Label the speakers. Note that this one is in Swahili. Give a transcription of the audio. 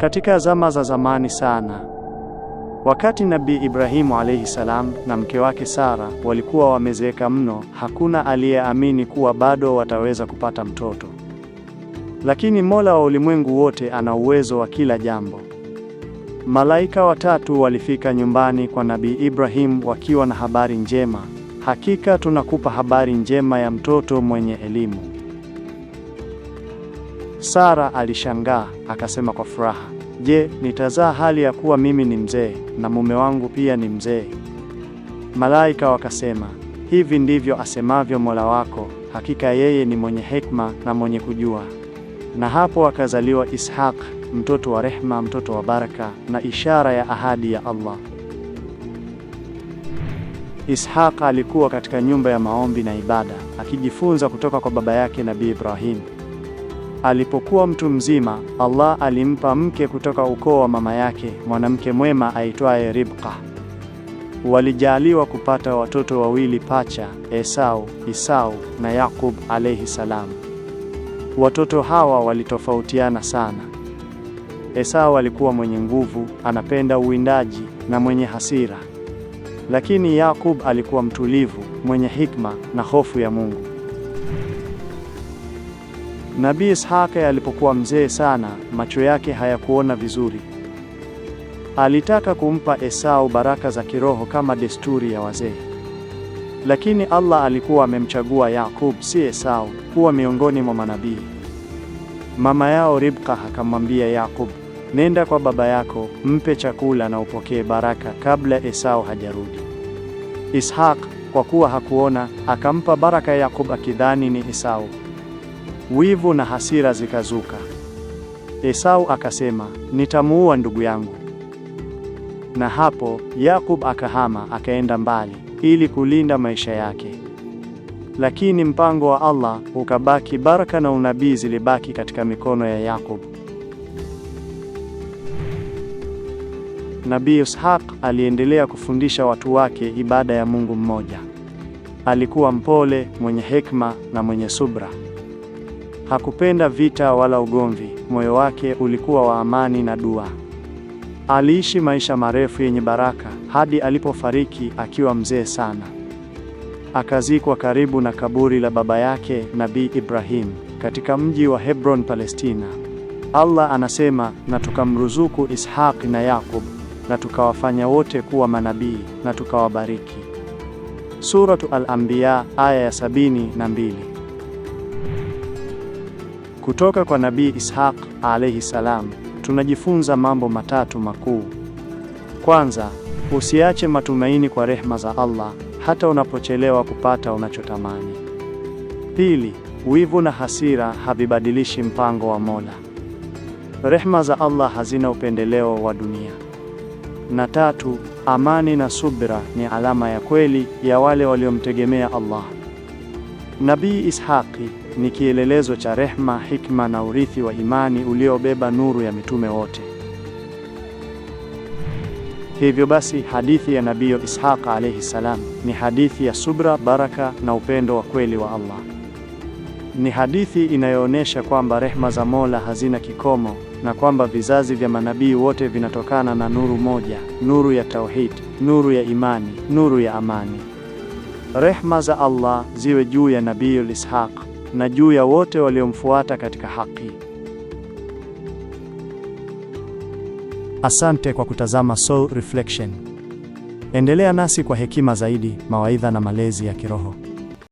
Speaker 1: Katika zama za zamani sana, wakati Nabii Ibrahimu alayhi salam na mke wake Sara walikuwa wamezeeka mno, hakuna aliyeamini kuwa bado wataweza kupata mtoto. Lakini Mola wa ulimwengu wote ana uwezo wa kila jambo. Malaika watatu walifika nyumbani kwa Nabii Ibrahim wakiwa na habari njema. Hakika tunakupa habari njema ya mtoto mwenye elimu. Sara alishangaa akasema kwa furaha, je, nitazaa hali ya kuwa mimi ni mzee na mume wangu pia ni mzee? Malaika wakasema, hivi ndivyo asemavyo Mola wako, hakika yeye ni mwenye hekima na mwenye kujua. Na hapo akazaliwa Ishaq, mtoto wa rehma, mtoto wa baraka na ishara ya ahadi ya Allah. Ishaq alikuwa katika nyumba ya maombi na ibada, akijifunza kutoka kwa baba yake Nabii Ibrahim. Alipokuwa mtu mzima, Allah alimpa mke kutoka ukoo wa mama yake, mwanamke mwema aitwaye Ribka. Walijaliwa kupata watoto wawili pacha, Esau, Isau na Yakub alayhi salam. Watoto hawa walitofautiana sana. Esau alikuwa mwenye nguvu, anapenda uwindaji na mwenye hasira. Lakini Yakub alikuwa mtulivu, mwenye hikma na hofu ya Mungu. Nabii Ishaka alipokuwa mzee sana, macho yake hayakuona vizuri. Alitaka kumpa Esau baraka za kiroho kama desturi ya wazee. Lakini Allah alikuwa amemchagua Yakub, si Esau, kuwa miongoni mwa manabii. Mama yao Ribka akamwambia Yakub, nenda kwa baba yako, mpe chakula na upokee baraka kabla Esau hajarudi. Ishaq kwa kuwa hakuona, akampa baraka Yakub akidhani ni Esau wivu na hasira zikazuka. Esau akasema, nitamuua ndugu yangu. Na hapo Yakub akahama akaenda mbali ili kulinda maisha yake. Lakini mpango wa Allah ukabaki, baraka na unabii zilibaki katika mikono ya Yakub. Nabii Ishaq aliendelea kufundisha watu wake ibada ya Mungu mmoja. Alikuwa mpole, mwenye hekima na mwenye subra. Hakupenda vita wala ugomvi, moyo wake ulikuwa wa amani na dua. Aliishi maisha marefu yenye baraka hadi alipofariki akiwa mzee sana. Akazikwa karibu na kaburi la baba yake Nabii Ibrahim katika mji wa Hebron, Palestina. Allah anasema, na tukamruzuku Ishaq na Yakub na tukawafanya wote kuwa manabii na tukawabariki. Suratu Al-Anbiya aya ya sabini na mbili. Kutoka kwa Nabii Ishaq alayhi salam tunajifunza mambo matatu makuu. Kwanza, usiache matumaini kwa rehma za Allah hata unapochelewa kupata unachotamani. Pili, wivu na hasira havibadilishi mpango wa Mola. Rehma za Allah hazina upendeleo wa dunia. Na tatu, amani na subra ni alama ya kweli ya wale waliomtegemea Allah. Nabii Ishaqi ni kielelezo cha rehma, hikma na urithi wa imani uliobeba nuru ya mitume wote. Hivyo basi, hadithi ya Nabii Ishaq alayhi salam ni hadithi ya subra, baraka na upendo wa kweli wa Allah. Ni hadithi inayoonyesha kwamba rehma za Mola hazina kikomo na kwamba vizazi vya manabii wote vinatokana na nuru moja, nuru ya tauhid, nuru ya imani, nuru ya amani. Rehma za Allah ziwe juu ya Nabii Ishaq na juu ya wote waliomfuata katika haki. Asante kwa kutazama Soul Reflection. Endelea nasi kwa hekima zaidi, mawaidha na malezi ya kiroho.